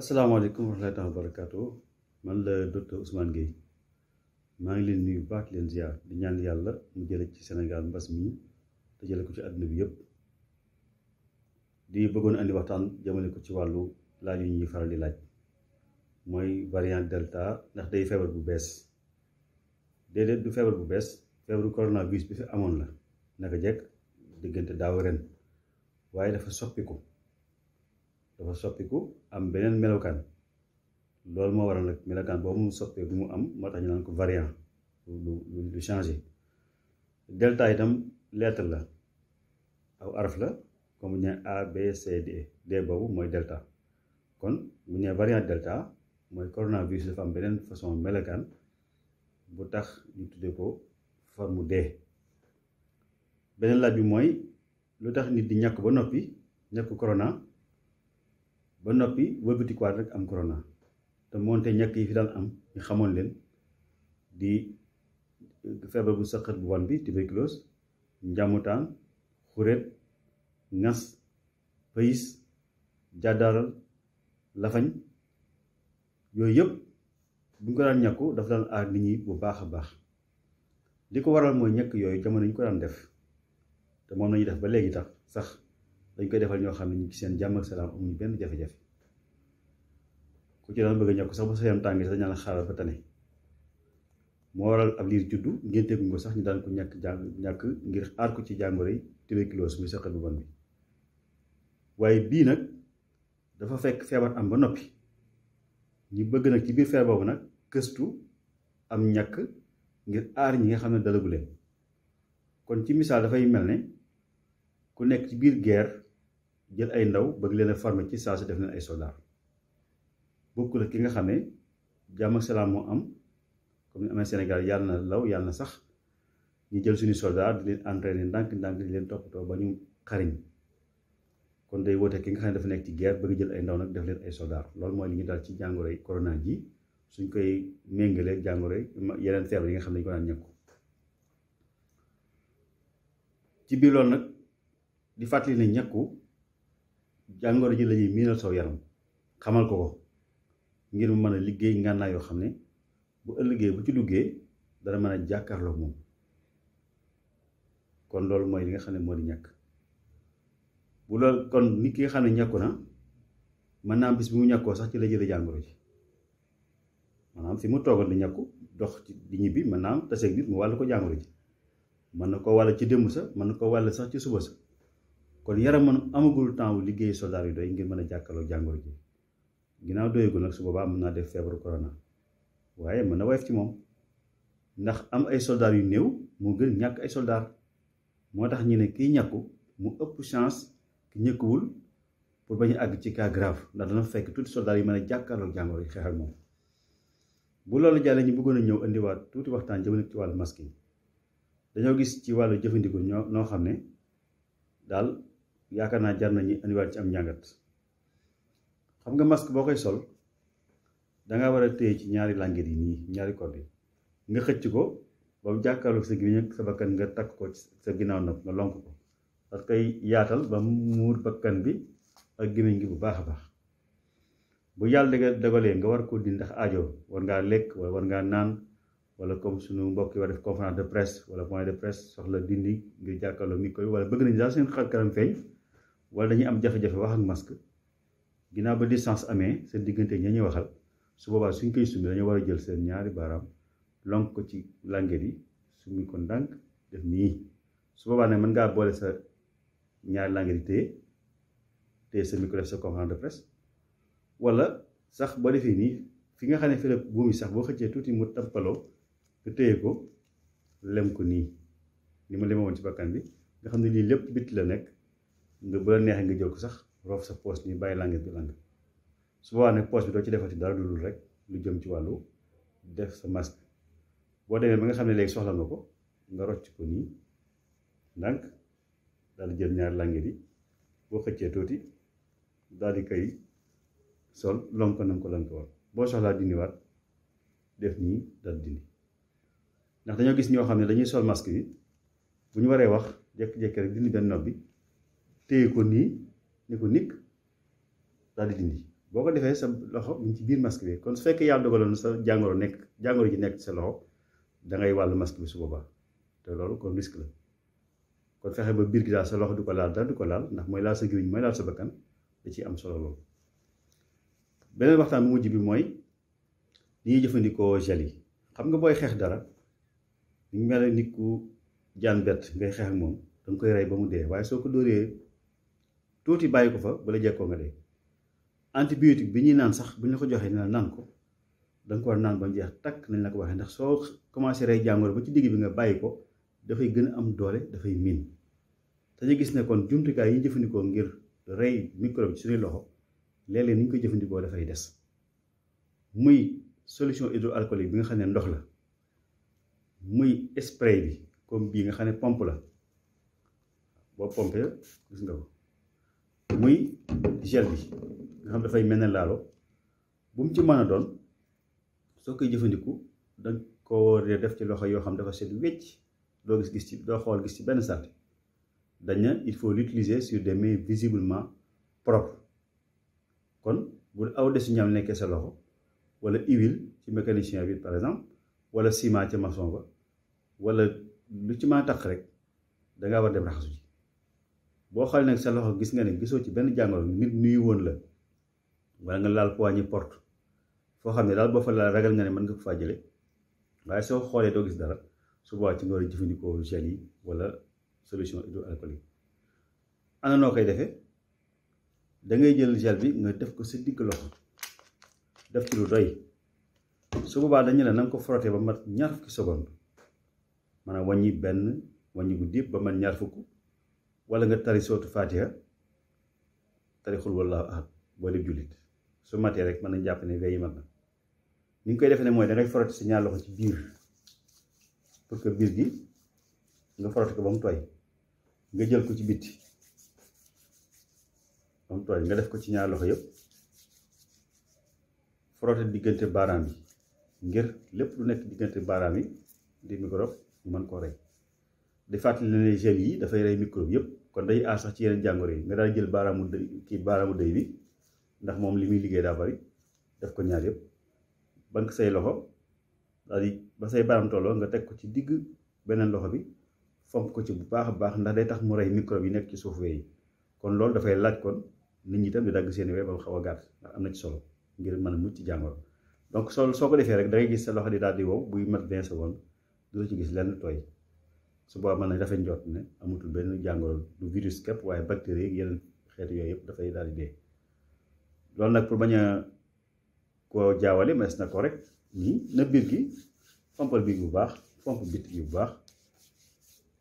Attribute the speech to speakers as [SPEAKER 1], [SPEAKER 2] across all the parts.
[SPEAKER 1] asalaamaaleykum wa rahmatulah wa barakaatu man la docteur Ousmane Gueye maa ngi leen nuyu baax leen ziar di ñaan yàlla mu jële ci Sénégal mbas mi te jële ko ci àdduna bi yépp di bëggoon andi waxtaan jëmale ko ci wàllu laaj yu ñuy faral di laaj mooy variant delta ndax day feebar bu bees déedéet du feebar bu bees feebaru coronavirus bi fi amoon la naka jekk diggante daaw ren waaye dafa soppiku. dafa soppiku am beneen melokaan loolu moo waral nag melokaan boobu mu soppeeku mu am moo tax ñu naan ko variant lu lu changé delta itam lettre la aw araf la comme bu ñu nee boobu mooy delta kon bu ñu nee variant delta mooy coronavirus dafa am beneen façon melokaan bu tax ñu tuddee ko forme D beneen laaj bi mooy lu tax nit di ñàkk ba noppi ñàkk corona. ba noppi wëlbatikuwaat rek am corona te moonte ñàkk yi fi daan am ñu xamoon leen di euh, feebar bu sëqat bu wan bi tuberculose njàmmutaan xureet ngas payis jàddaaral lafañ yooyu yëpp bu ñu ko daan ñàkku dafa daan aar nit ñi bu baax a baax li ko waral mooy ñàkk yooyu jamono ñu ko daan def te moom nañu def ba léegi tax sax dañ koy defal ñoo xam ne ñu ngi seen jàmm ak salaam ñu benn jafe-jafe ku ci daan bëgg a ñàkk sax bu sooyam tàng sax ñaan xaaral ba tane moo waral ab liir juddu ngeen teguñ sax ñu daan ko ñàkk jàng ñàkk ngir aar ci jàngoro yi tuberculose muy sëqat bu bon bi waaye bii nag dafa fekk feebar am ba noppi ñu bëgg nag ci biir feebar nag këstu am ñàkk ngir aar ñi nga xam ne dalagu kon ci misaal dafay mel ne ku nekk ci biir guerre jël ay ndaw bëgg leen a ci saa si def leen ay soldat bokkul ak ki nga xam ne jàmm ak salaam moo am comme ni amee Sénégal yàlla na law yàlla na sax ñu jël suñu soldat di leen entraîner ndànk-ndànk di leen toppatoo ba ñu xariñ kon day woote ki nga xam ne dafa nekk ci guerre bëgg jël ay ndaw nag def leen ay soldat loolu mooy li ñu daal ci jàngoro yi corona ji suñ koy méngalee jàngoro yeneen feebar yi nga xam ne dañu ko daan ñàkku ci biir loolu nag di fàttali ne jàngoro ji la ñuy miinal saw yaram xamal ko ko ngir mu mën a liggéey ngànnaay yoo xam ne bu ëllëgee bu ci duggee dana mën a jàkkaarloo moom kon loolu mooy li nga xam ne moo di ñàkk bu loolu kon nit ki nga xam ne ñàkku na mën naa am bis bi mu ñàkkoo sax ci la jëlee jàngoro ji maanaam fi mu toogoon di ñàkku dox ci di ñibbi mën naa am taseeg ko jàngoro ji mën na ko wàll ci démb sax mën na ko wàll sax ci suba sa kon yaram man amagul temps wu liggéey soldat yu doy ngir mën a jàkkaarloo jàngoro ji ginnaaw doyagul nag su boobaa mën naa def feebaru corona waaye mën na woyof ci moom ndax am ay soldat yu néew moo gën ñàkk ay soldat moo tax ñu ne kiy ñàkku mu ëpp chance ki ñëkkuwul pour bañ a àgg ci cas grave ndax dana fekk tuuti soldat yi mën a jàkkaarloo jàngoor yi xeex ak moom bu loolu jàllee ñu bëggoon ñëw indiwaat tuuti waxtaan jëmale ci wàllu masque dañoo gis ci wàllu jëfandikoo ñoo noo xam ne daal yaakaar naa jar nañu andiwaat ci am njàngat xam nga masque boo koy sol danga war a téye ci ñaari langet yi nii ñaari corde nga xëcc ko ba mu jàkkaarloog sa gémmiñ ak sa bakkan nga takk ko ci sa ginnaaw nopp nga lonk ko parce que yaatal ba mu muur bakkan bi ak gémmiñ gi bu baax a baax bu yàlla dëgg dogalee nga war koo dindi ndax aajo war ngaa lekk war ngaa naan wala comme suñu mbokki war def conférence de presse wala point de presse soxla dindi ngir jàkkaarloo micro yi wala bëgg nañ daal seen xar kanam feeñ wala dañuy am jafe-jafe wax ak masque ginnaaw ba distance amee seen diggante ña ñuy waxal su boobaa suñ koy summi dañoo war a jël seen ñaari baaraam lonk ko ci langet yi summi ko ndànk def nii su boobaa nag mën ngaa boole sa ñaari langet yi téye téye sa micro def sa conférence de presse wala sax boo defee nii fi nga xam ne fi la buum yi sax boo xëccee tuuti mu tampaloo nga téye ko lem ko nii li ma lema woon ci bakkan bi nga xam ne lii lépp bit la nekk nga bu la neexee nga jël ko sax roof sa poos nii bàyyi langet bi lang su boobaa nag poos bi doo ci defati dara dul rek lu jëm ci wàllu def sa masque boo demee ba nga xam ne léegi soxla nga ko nga rocc ko nii ndànk daal di jël ñaar langet yi boo xëccee tuuti daal di koy sol lonk ko na ko lank war boo soxlaa dindiwaat def nii daal dindi ndax dañoo gis ñoo xam ne dañuy sol masque bi bu ñu waree wax jékki-jékki rek dindi benn nopp bi téye ko nii ni ko nikk daal di dindi boo ko defee sa loxo mu ngi ci biir masque bi kon su fekkee yàlla dogaloon sa jàngoro nekk jàngoro ji nekk sa loxo da ngay wàll masque bi su boobaa te loolu kon risque la kon fexe ba biir gi daal sa loxo du ko laal dara du ko laal ndax mooy laal sa gémmiñ mooy laal sa bakkan da ciy am solo loolu. beneen waxtaan bu mujj bi mooy li ñuy jëfandikoo gel xam nga booy xeex dara. ñu mel ne nit ku jaan bett ngay xeex moom danga koy rey ba mu dee waaye soo ko dóoree tuuti bàyyi ko fa bala jekkoo nga dee antibiotique bi ñuy naan sax bu ñu la ko joxee ne la naan ko danga ko war naan ba mu jeex takk nañ la ko waxee ndax soo commencé rey jàngoro ba ci digg bi nga bàyyi ko dafay gën a am doole dafay miin dañu gis ne kon jumtukaay yi jëfandikoo ngir rey microbe ci suñuy loxo léeg-léeg ni ñu koy jëfandikoo dafay des muy solution hydroalcoolique bi nga xam ne ndox la muy spray bi comme bii nga xam ne pompe la boo pompe gis nga ko muy gel bi nga xam dafay mel ne laalo bu mu ci mën a doon soo koy jëfandiku dañ ko war def ci loxo yoo xam dafa set wecc doo gis gis ci doo xool gis ci benn salte dañ na il faut l'utiliser sur des mains visiblement propres kon bu aw desu ñam nekkee sa loxo wala huile ci mécanicien bi par exemple wala ciment ca maçon ba wala lu ci mën a rek dangaa war dem raxasu ji boo xoolee nag sa loxo gis nga ne gisoo ci benn jàngoro nit nuyu woon la wala nga laal poignée porte foo xam ne daal boo fa laal ragal nga ne mën nga ko faa jële waaye soo xoolee doo gis dara su boobaa ci nga war a jëfandikoo gel yi wala solution hydroalcoolique ana noo koy defee dangay jël gel bi nga def ko si digg loxo def ci lu doy su boobaa dañu ne na nga ko frotté ba mat ñaar fukki seconde maanaam wàññi benn wàññi bu ba man ñaar fukk wala nga tari sootu faatiha tari xul wallaahu ahad boo def jullit su matee rek mën na jàpp ne veille mat na ni ñu koy defee ne mooy da ngay forot si ñaar loxo ci biir pour que biir gi nga forot ko ba mu tooy nga jël ko ci bitti ba mu tooy nga def ko ci ñaar loxo yëpp frotte diggante baaraam yi ngir lépp lu nekk diggante baaraam yi di microbe man mën koo rey di fàttali ne jeunes yi dafay rey microbe yëpp kon day aar sax ci yeneen jàngoro yi nga daal jël baaraamu dëy kii baaraamu dëy bi ndax moom li muy liggéey daa bari def ko ñaar yëpp bank say loxo daal di ba say baaraam tolloo nga teg ko ci digg beneen loxo bi fomp ko ci bu baax a baax ndax day tax mu rey microbe yi nekk ci suuf wee yi kon loolu dafay laaj kon nit ñi tam di dagg seen wee ba mu xaw a gàtt am na ci solo ngir mën a mucc ci jàngoro donc sol soo ko defee rek da gis sa loxo di daal di wow buy mat vingt secondes doo ci gis lenn tooy su boobaa mën nañ rafet njort ne amatul benn jàngoro du virus képp waaye bactéries ak yeneen xeetu yooyu yëpp dafay daal di dee loolu nag pour bañ a koo jaawale mees na ko nii na biir gi fompal biir bu baax fomp bitt gi bu baax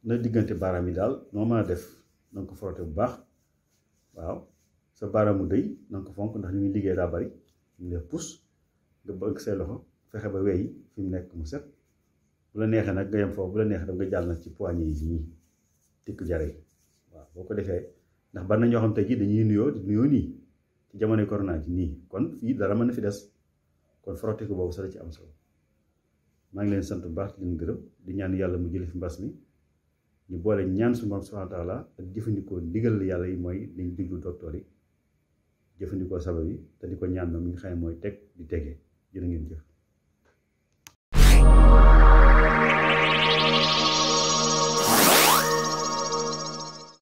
[SPEAKER 1] na diggante baaraam yi daal noo mën a def na nga ko frotte bu baax waaw sa baaraamu dëy na nga ko fonk ndax ñu muy liggéey daa bari ñu def pousse nga bëgg say loxo fexe ba wey fi mu nekk mu set bu la neexee nag nga yem foofu bu la neexee nag nga jàll nag ci poignée yi nii tikk jare yi waaw boo ko defee ndax ban na ñoo xam tey jii dañuy nuyoo di nuyoo nii ci jamonoy corona ji nii kon fii dara mën na fi des kon frottiku boobu sax la ci am solo maa ngi leen sant bu baax di leen gërëm di ñaan yàlla mu jëlee fi mbas mi ñu boole ñaan suñu borom ak jëfandikoo ndigal yàlla yi mooy dañ diglu docteur yi jëfandikoo sabab yi te di ko ñaan moom mi nga mooy teg di tege jërë ngeen jëf